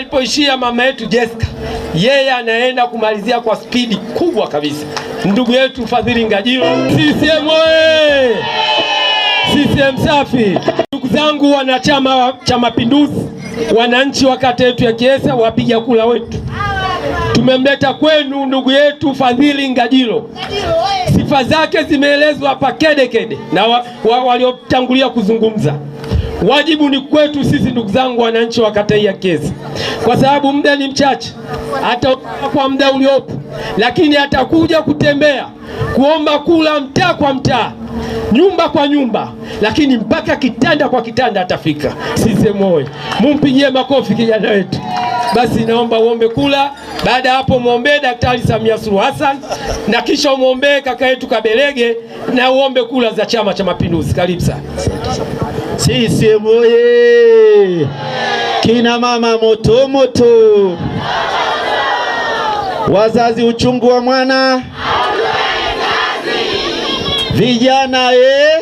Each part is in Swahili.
alipoishia mama yetu Jessica, yeye anaenda kumalizia kwa spidi kubwa kabisa, ndugu yetu Fadhili Ngajilo. CCM oye! CCM safi! Ndugu zangu wanachama cha Mapinduzi, wananchi wa kata yetu ya Kiesa, wapiga kula wetu, tumemleta kwenu ndugu yetu Fadhili Ngajilo. Sifa zake zimeelezwa hapa kedekede na waliotangulia wa, waliotangulia kuzungumza Wajibu ni kwetu sisi, ndugu zangu wananchi wa kata ya Kyesa, kwa sababu muda ni mchache, hata kwa muda uliopo, lakini atakuja kutembea kuomba kula mtaa kwa mtaa, nyumba kwa nyumba, lakini mpaka kitanda kwa kitanda atafika. moyo mumpigie makofi kijana wetu. Basi naomba uombe kula. Baada ya hapo, mwombee Daktari Samia Suluhu Hassan na kisha umwombee kaka yetu Kabelege na uombe kula za Chama cha Mapinduzi. Karibu sana. CCM oye! Kina mama moto moto, wazazi uchungu wa mwana, vijana e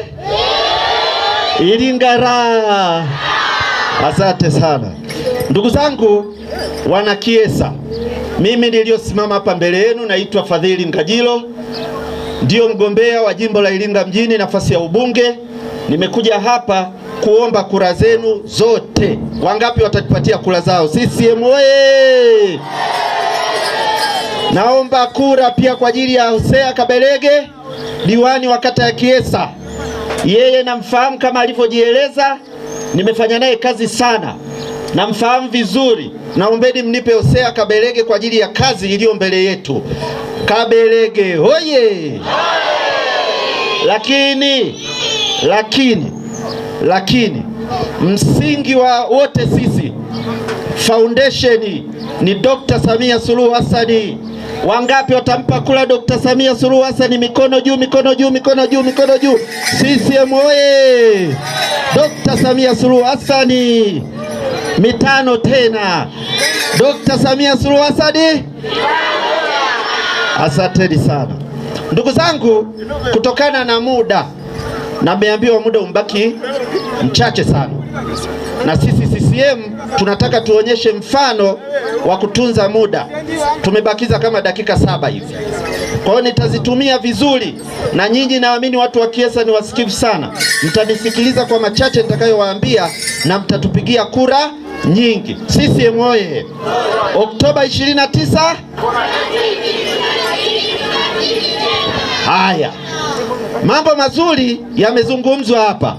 Iringara, Asante sana ndugu zangu wana Kiesa, mimi niliyosimama hapa mbele yenu naitwa Fadhili Ngajilo, ndiyo mgombea wa jimbo la Iringa mjini, nafasi ya ubunge. Nimekuja hapa kuomba kura zenu zote. Wangapi watatupatia kura zao? CCM oye! Naomba kura pia kwa ajili ya Hosea Kabelege, diwani wa kata ya Kiesa. Yeye namfahamu kama alivyojieleza, nimefanya naye kazi sana, namfahamu vizuri. Naombeni mnipe Hosea Kabelege kwa ajili ya kazi iliyo mbele yetu. Kabelege hoye! Lakini lakini lakini msingi wa wote sisi foundation ni Dr. Samia Suluhu Hassan. Wangapi watampa kula Dr. Samia Suluhu Hassan? Mikono juu, mikono juu, mikono juu, mikono juu! CCM oye! Dr. Samia Suluhu Hassan mitano tena. Dr. Samia Suluhu Hassan, asanteni sana ndugu zangu, kutokana na muda na ameambiwa muda umbaki mchache sana, na sisi CCM tunataka tuonyeshe mfano wa kutunza muda. Tumebakiza kama dakika saba hivi, kwa hiyo nitazitumia vizuri, na nyinyi naamini watu wa Kiesa ni wasikivu sana, mtanisikiliza kwa machache nitakayowaambia na mtatupigia kura nyingi. CCM oye! Oktoba 29 haya Mambo mazuri yamezungumzwa hapa,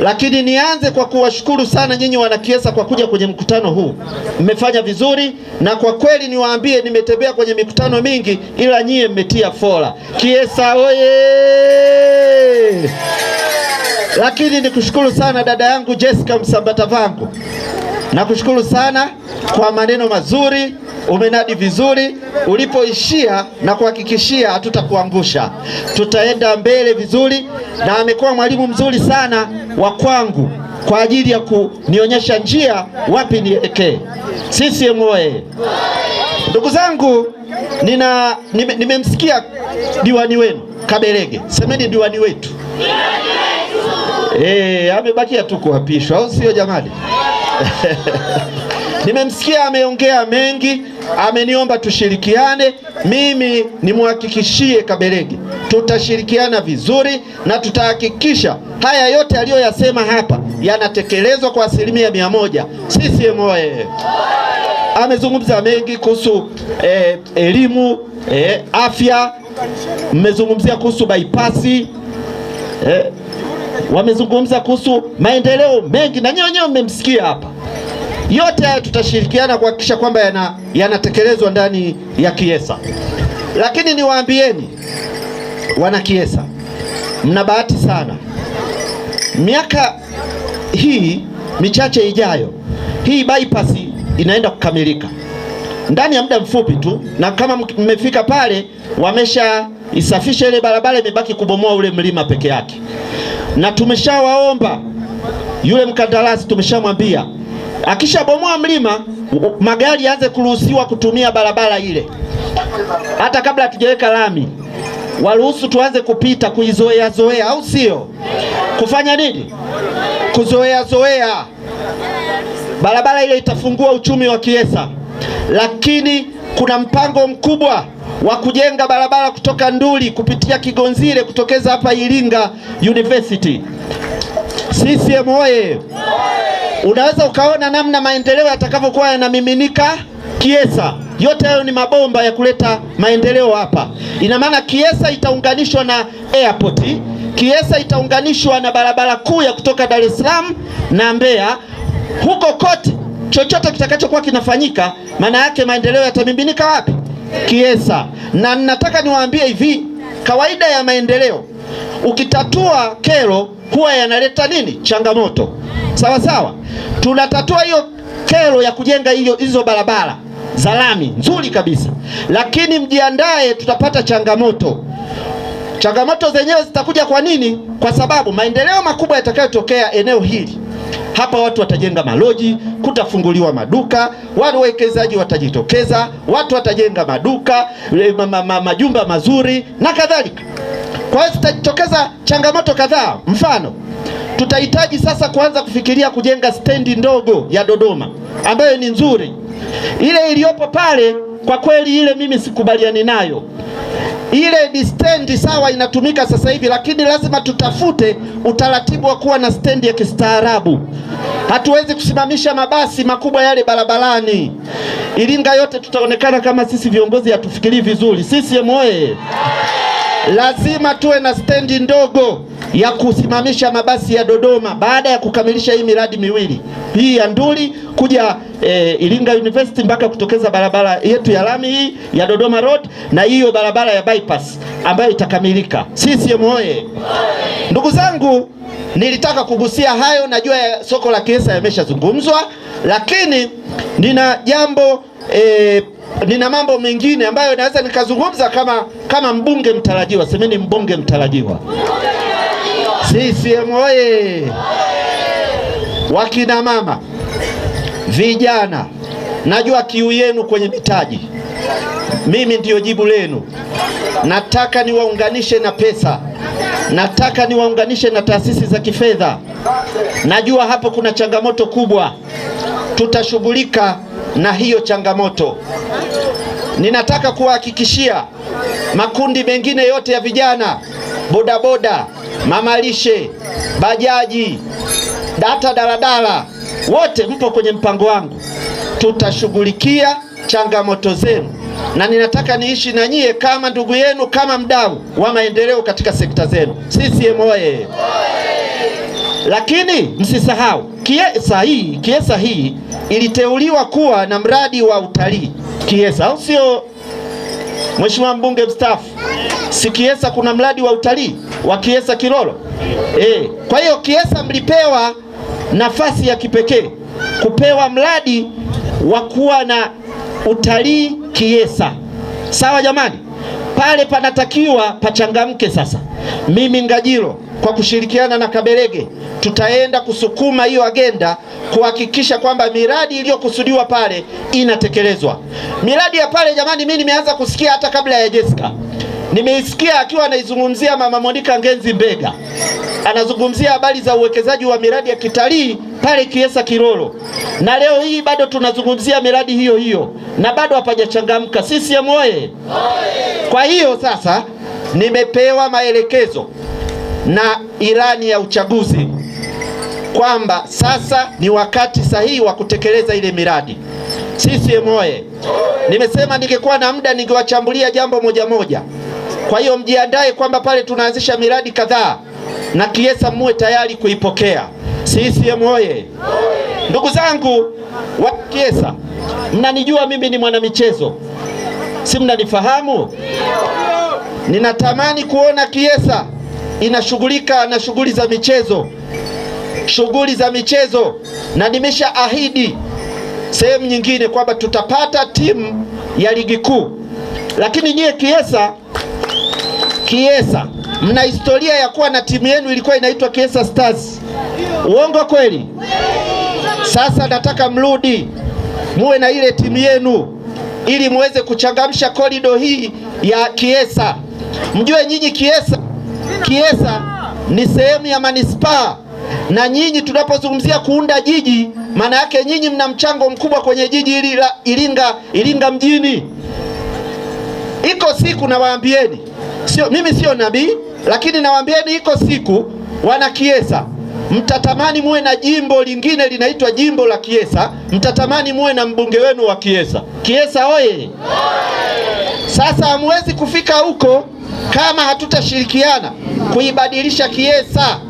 lakini nianze kwa kuwashukuru sana nyinyi wanakiesa kwa kuja kwenye mkutano huu. Mmefanya vizuri, na kwa kweli niwaambie, nimetembea kwenye mikutano mingi, ila nyie mmetia fora. Kiesa oye! Lakini nikushukuru sana dada yangu Jessica Msambata vangu, nakushukuru sana kwa maneno mazuri umenadi vizuri ulipoishia, na kuhakikishia hatutakuangusha, tutaenda mbele vizuri, na amekuwa mwalimu mzuri sana wa kwangu kwa ajili ya kunionyesha njia wapi nielekee. CCM oyee! Ndugu zangu, nina nimemsikia nime diwani wenu Kabelege, semeni diwani wetu hey, eh, amebakia tu kuapishwa, au sio jamani? Nimemsikia ameongea mengi ameniomba tushirikiane, mimi nimuhakikishie Kabelege tutashirikiana vizuri na tutahakikisha haya yote aliyoyasema hapa yanatekelezwa kwa asilimia mia moja. CCM oye! Amezungumza mengi kuhusu eh, elimu eh, afya, mmezungumzia kuhusu baipasi eh, wamezungumza kuhusu maendeleo mengi na nyewe wenyewe mmemsikia hapa. Yote haya tutashirikiana kuhakikisha kwamba yanatekelezwa yana ndani ya Kiesa. Lakini niwaambieni wana Kiesa, mna bahati sana. Miaka hii michache ijayo, hii bypass inaenda kukamilika ndani ya muda mfupi tu, na kama mmefika pale, wameshaisafisha ile barabara, imebaki kubomoa ule mlima peke yake, na tumeshawaomba yule mkandarasi, tumeshamwambia Akishabomoa mlima, magari yaanze kuruhusiwa kutumia barabara ile, hata kabla hatujaweka lami, waruhusu tuanze kupita, kuizoea zoea, au sio? Kufanya nini? Kuzoea zoea. Barabara ile itafungua uchumi wa Kiesa, lakini kuna mpango mkubwa wa kujenga barabara kutoka Nduli kupitia Kigonzile kutokeza hapa Iringa University. CCM oye! Unaweza ukaona namna maendeleo yatakavyokuwa yanamiminika Kiesa. Yote hayo ni mabomba ya kuleta maendeleo hapa. Ina maana Kiesa itaunganishwa na airport, Kiesa itaunganishwa na barabara kuu ya kutoka Dar es Salaam na Mbeya. Huko kote chochote kitakachokuwa kinafanyika, maana yake maendeleo yatamiminika wapi? Kiesa. Na nataka niwaambie hivi, kawaida ya maendeleo ukitatua kero huwa yanaleta nini? Changamoto sawa sawa. Tunatatua hiyo kero ya kujenga hiyo hizo barabara za lami nzuri kabisa, lakini mjiandae, tutapata changamoto. Changamoto zenyewe zitakuja. Kwa nini? Kwa sababu maendeleo makubwa yatakayotokea eneo hili hapa watu watajenga maloji, kutafunguliwa maduka, wawekezaji watajitokeza, watu watajenga maduka ma, ma, ma, majumba mazuri na kadhalika. Kwa hiyo zitajitokeza changamoto kadhaa, mfano tutahitaji sasa kuanza kufikiria kujenga stendi ndogo ya Dodoma ambayo ni nzuri. Ile iliyopo pale kwa kweli, ile mimi sikubaliani nayo. Ile ni stendi sawa, inatumika sasa hivi, lakini lazima tutafute utaratibu wa kuwa na stendi ya kistaarabu. Hatuwezi kusimamisha mabasi makubwa yale barabarani. Iringa yote tutaonekana kama sisi viongozi hatufikirii vizuri. CCM oyee! lazima tuwe na stendi ndogo ya kusimamisha mabasi ya Dodoma baada ya kukamilisha hii miradi miwili hii ya Nduli kuja e, Iringa University mpaka kutokeza barabara yetu ya lami hii ya Dodoma Road na hiyo barabara ya bypass ambayo itakamilika. CCM oye! Ndugu zangu, nilitaka kugusia hayo. Najua ya soko la Kiesa yameshazungumzwa, lakini nina jambo e, nina mambo mengine ambayo naweza nikazungumza kama, kama mbunge mtarajiwa. Semeni mbunge mtarajiwa. CCM oye! Wakina mama, vijana, najua kiu yenu kwenye mitaji, mimi ndiyo jibu lenu. Nataka niwaunganishe na pesa, nataka niwaunganishe na taasisi za kifedha. Najua hapo kuna changamoto kubwa, tutashughulika na hiyo changamoto. Ninataka kuwahakikishia makundi mengine yote ya vijana, bodaboda, mamalishe, bajaji, data daladala, wote mpo kwenye mpango wangu. Tutashughulikia changamoto zenu, na ninataka niishi na nyie kama ndugu yenu, kama mdau wa maendeleo katika sekta zenu. CCM oye! Lakini msisahau Kiesa hii Kiesa hii iliteuliwa kuwa na mradi wa utalii Kiesa, au sio Mheshimiwa mbunge mstaafu? Si Kiesa kuna mradi wa utalii wa Kiesa Kilolo e. Kwa hiyo Kiesa mlipewa nafasi ya kipekee kupewa mradi wa kuwa na utalii Kiesa, sawa jamani? pale panatakiwa pachangamke. Sasa mimi Ngajilo kwa kushirikiana na Kaberege tutaenda kusukuma hiyo agenda kuhakikisha kwamba miradi iliyokusudiwa pale inatekelezwa. Miradi ya pale jamani, mimi nimeanza kusikia hata kabla ya Jessica. Nimeisikia akiwa anaizungumzia Mama Monica Ngenzi Mbega, anazungumzia habari za uwekezaji wa miradi ya kitalii pale Kiesa Kilolo, na leo hii bado tunazungumzia miradi hiyo hiyo na bado hapajachangamka. CCM oye! Kwa hiyo sasa nimepewa maelekezo na ilani ya uchaguzi kwamba sasa ni wakati sahihi wa kutekeleza ile miradi. CCM oye! Nimesema ningekuwa na muda ningewachambulia jambo moja moja. Kwa hiyo mjiandae kwamba pale tunaanzisha miradi kadhaa na Kiesa muwe tayari kuipokea. CCM oye! Ndugu zangu wa Kiesa, mnanijua mimi ni mwanamichezo, si mnanifahamu? Ninatamani kuona Kiesa inashughulika na shughuli za michezo, shughuli za michezo, na nimesha ahidi sehemu nyingine kwamba tutapata timu ya ligi kuu, lakini nyie Kiesa Kiesa, mna historia ya kuwa na timu yenu ilikuwa inaitwa Kiesa Stars. Uongo kweli? Sasa nataka mrudi muwe na ile timu yenu ili muweze kuchangamsha korido hii ya Kiesa. Mjue nyinyi Kiesa, Kiesa ni sehemu ya manispaa na nyinyi tunapozungumzia kuunda jiji, maana yake nyinyi mna mchango mkubwa kwenye jiji ili la Iringa, Iringa mjini. Iko siku nawaambieni sio, mimi sio nabii, lakini nawaambieni iko siku wana Kiesa mtatamani muwe na jimbo lingine linaitwa jimbo la Kiesa, mtatamani muwe na mbunge wenu wa Kiesa. Kiesa oye! Sasa hamwezi kufika huko kama hatutashirikiana kuibadilisha Kiesa.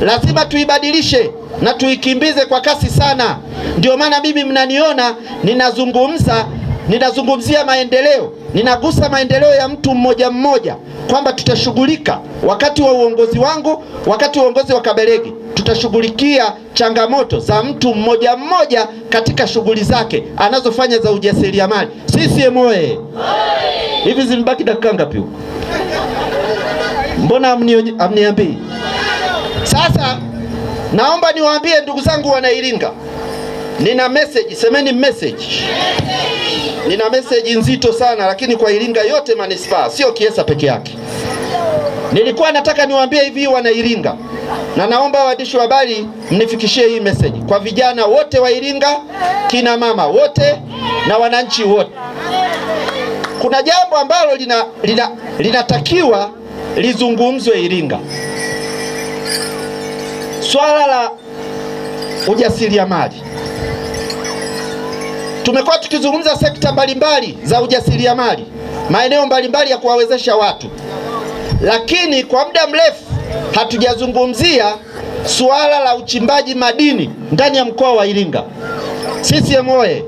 Lazima tuibadilishe na tuikimbize kwa kasi sana. Ndio maana mimi mnaniona ninazungumza, ninazungumzia maendeleo ninagusa maendeleo ya mtu mmoja mmoja, kwamba tutashughulika wakati wa uongozi wangu, wakati wa uongozi wa Kabelegi tutashughulikia changamoto za mtu mmoja mmoja katika shughuli zake anazofanya za ujasiriamali. CCM oye! Hivi zimebaki dakika ngapi huko? Mbona amniambii? Sasa naomba niwaambie ndugu zangu wana Iringa. Nina message, semeni message. Nina message nzito sana lakini kwa Iringa yote manispaa, sio Kiesa peke yake. Nilikuwa nataka niwaambie hivi wana Iringa, na naomba waandishi wa habari mnifikishie hii message kwa vijana wote wa Iringa, kina mama wote na wananchi wote. Kuna jambo ambalo lina, lina, linatakiwa lizungumzwe Iringa, swala la ujasiriamali. Tumekuwa tukizungumza sekta mbalimbali za ujasiriamali, maeneo mbalimbali ya kuwawezesha watu, lakini kwa muda mrefu hatujazungumzia suala la uchimbaji madini ndani ya mkoa wa Iringa. CCM oye!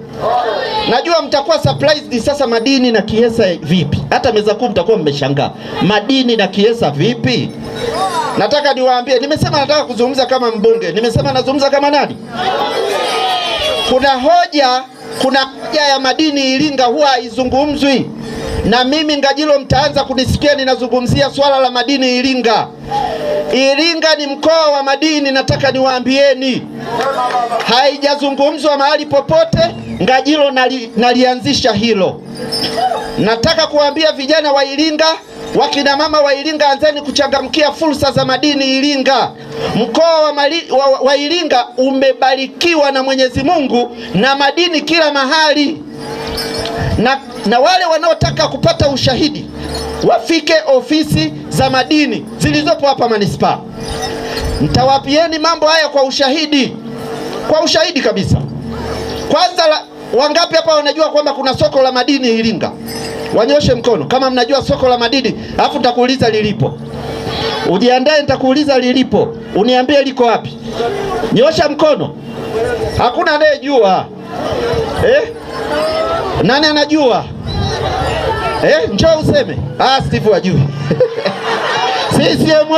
Najua mtakuwa surprised sasa, madini na Kiesa vipi? Hata meza kuu mtakuwa mmeshangaa, madini na Kiesa vipi? Nataka niwaambie, nimesema nataka kuzungumza kama mbunge, nimesema nazungumza kama nani? Kuna hoja kuna haja ya madini Iringa huwa haizungumzwi, na mimi Ngajilo mtaanza kunisikia ninazungumzia swala la madini Iringa. Iringa ni mkoa wa madini, nataka niwaambieni, haijazungumzwa mahali popote. Ngajilo nali, nalianzisha hilo. Nataka kuambia vijana wa Iringa Wakina mama wa Iringa, anzeni kuchangamkia fursa za madini Iringa. Mkoa wa, wa, wa Iringa umebarikiwa na Mwenyezi Mungu na madini kila mahali, na, na wale wanaotaka kupata ushahidi wafike ofisi za madini zilizopo hapa manispaa. Nitawapieni mambo haya kwa ushahidi, kwa ushahidi kabisa. Kwanza, wangapi hapa wanajua kwamba kuna soko la madini Iringa? wanyoshe mkono kama mnajua soko la madini, alafu nitakuuliza lilipo. Ujiandae, nitakuuliza lilipo, uniambie liko wapi. Nyosha mkono. Hakuna anayejua eh? Nani anajua eh? Njoo useme. Ah, Steve ajui CCM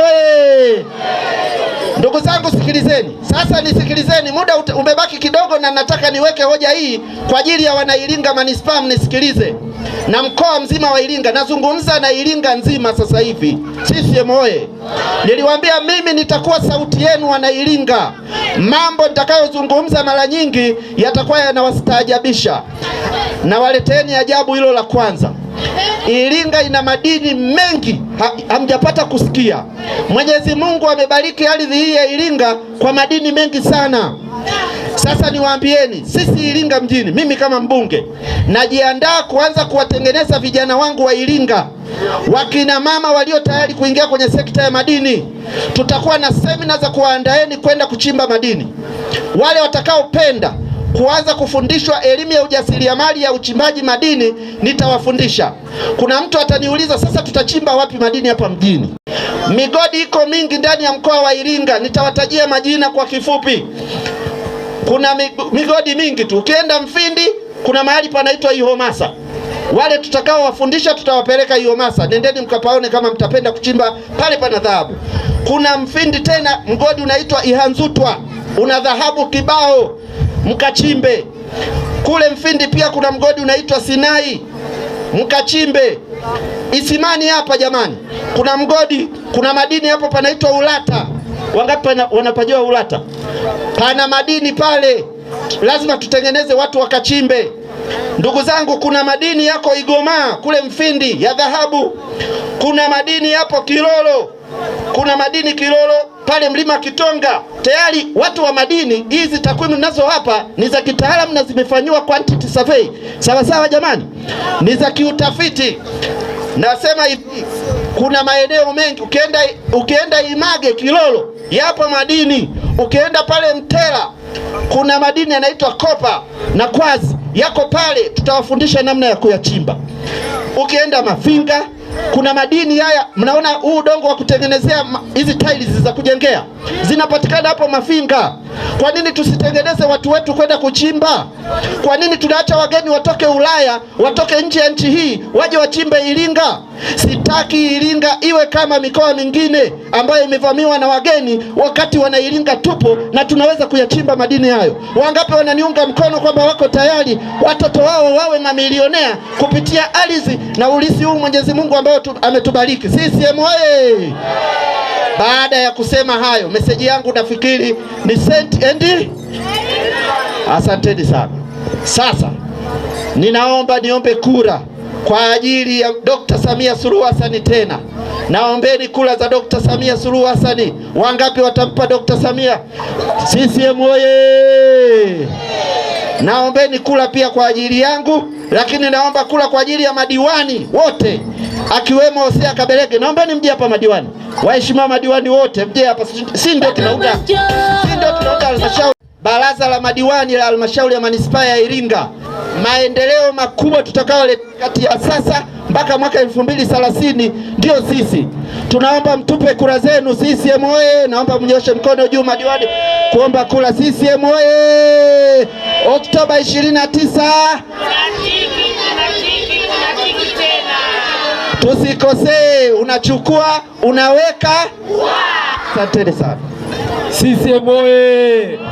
Ndugu zangu sikilizeni sasa, nisikilizeni, muda umebaki kidogo, na nataka niweke hoja hii kwa ajili ya wanailinga manispaa, mnisikilize na mkoa mzima wa Iringa, nazungumza na Iringa nzima sasa hivi. CCM oye! Niliwaambia mimi nitakuwa sauti yenu wana Iringa. Mambo nitakayozungumza mara nyingi yatakuwa yanawastaajabisha, na waleteni ajabu hilo la kwanza. Iringa ina madini mengi hamjapata kusikia. Mwenyezi Mungu amebariki ardhi hii ya Iringa kwa madini mengi sana. Sasa niwaambieni, sisi Iringa mjini, mimi kama mbunge najiandaa kuanza kuwatengeneza vijana wangu wa Iringa, wakina mama walio tayari kuingia kwenye sekta ya madini. Tutakuwa na semina za kuwaandaeni kwenda kuchimba madini. Wale watakaopenda kuanza kufundishwa elimu ya ujasiriamali ya uchimbaji madini nitawafundisha. Kuna mtu ataniuliza sasa, tutachimba wapi madini hapa mjini? Migodi iko mingi ndani ya mkoa wa Iringa, nitawatajia majina kwa kifupi. Kuna migodi mingi tu, ukienda Mfindi kuna mahali panaitwa Ihomasa. Wale tutakao wafundisha tutawapeleka Ihomasa, nendeni mkapaone kama mtapenda kuchimba pale, pana dhahabu. Kuna Mfindi tena mgodi unaitwa Ihanzutwa, una dhahabu kibao, mkachimbe kule Mfindi. Pia kuna mgodi unaitwa Sinai, mkachimbe. Isimani hapa jamani, kuna mgodi, kuna madini hapo panaitwa Ulata. Wangapi wanapajua Ulata? Pana madini pale, lazima tutengeneze watu wakachimbe. Ndugu zangu, kuna madini yako Igomaa kule Mfindi ya dhahabu, kuna madini yapo Kilolo, kuna madini Kilolo pale mlima Kitonga. Tayari watu wa madini, hizi takwimu nazo hapa ni za kitaalamu na zimefanyiwa quantity survey, sawa sawa jamani, ni za kiutafiti. Nasema hivi, kuna maeneo mengi ukienda, ukienda Image Kilolo yapo madini. Ukienda pale Mtera kuna madini yanaitwa kopa na kwazi, yako pale, tutawafundisha namna ya kuyachimba. Ukienda Mafinga kuna madini haya, mnaona huu udongo wa kutengenezea hizi tiles za kujengea zinapatikana hapo Mafinga. Kwa nini tusitengeneze watu wetu kwenda kuchimba? Kwa nini tunaacha wageni watoke Ulaya, watoke nje ya nchi hii waje wachimbe Iringa? Sitaki Iringa iwe kama mikoa mingine ambayo imevamiwa na wageni, wakati wana Iringa tupo na tunaweza kuyachimba madini hayo. Wangapi wananiunga mkono kwamba wako tayari watoto wao wawe mamilionea kupitia ardhi na ulisi huu Mwenyezi Mungu ambao ametubariki. CCM oye! Baada ya kusema hayo, meseji yangu nafikiri ni sent endi. Asanteni sana. Sasa ninaomba niombe kura kwa ajili ya Dr. Samia Suluhu Hassan Tena naombeni kura za Dr. Samia Suluhu Hassan. Wangapi watampa Dr. Samia? CCM oye! Naombeni kula pia kwa ajili yangu, lakini naomba kula kwa ajili ya madiwani wote akiwemo Hosea Kabelege, Naombeni mje hapa madiwani, waheshimiwa madiwani wote mje hapa, si ndio tunaunda, si ndio tunaunda halmashauri, baraza la madiwani la halmashauri ya manispaa ya Iringa, maendeleo makubwa tutakayoleta kati ya sasa mpaka mwaka elfu mbili thelathini ndio sisi. Tunaomba mtupe kura zenu. CCM oye! Naomba mnyoshe mkono juu madiwani kuomba kura. CCM oye! Oktoba 29 tusikosee, unachukua unaweka. Asanteni sana CCM oye!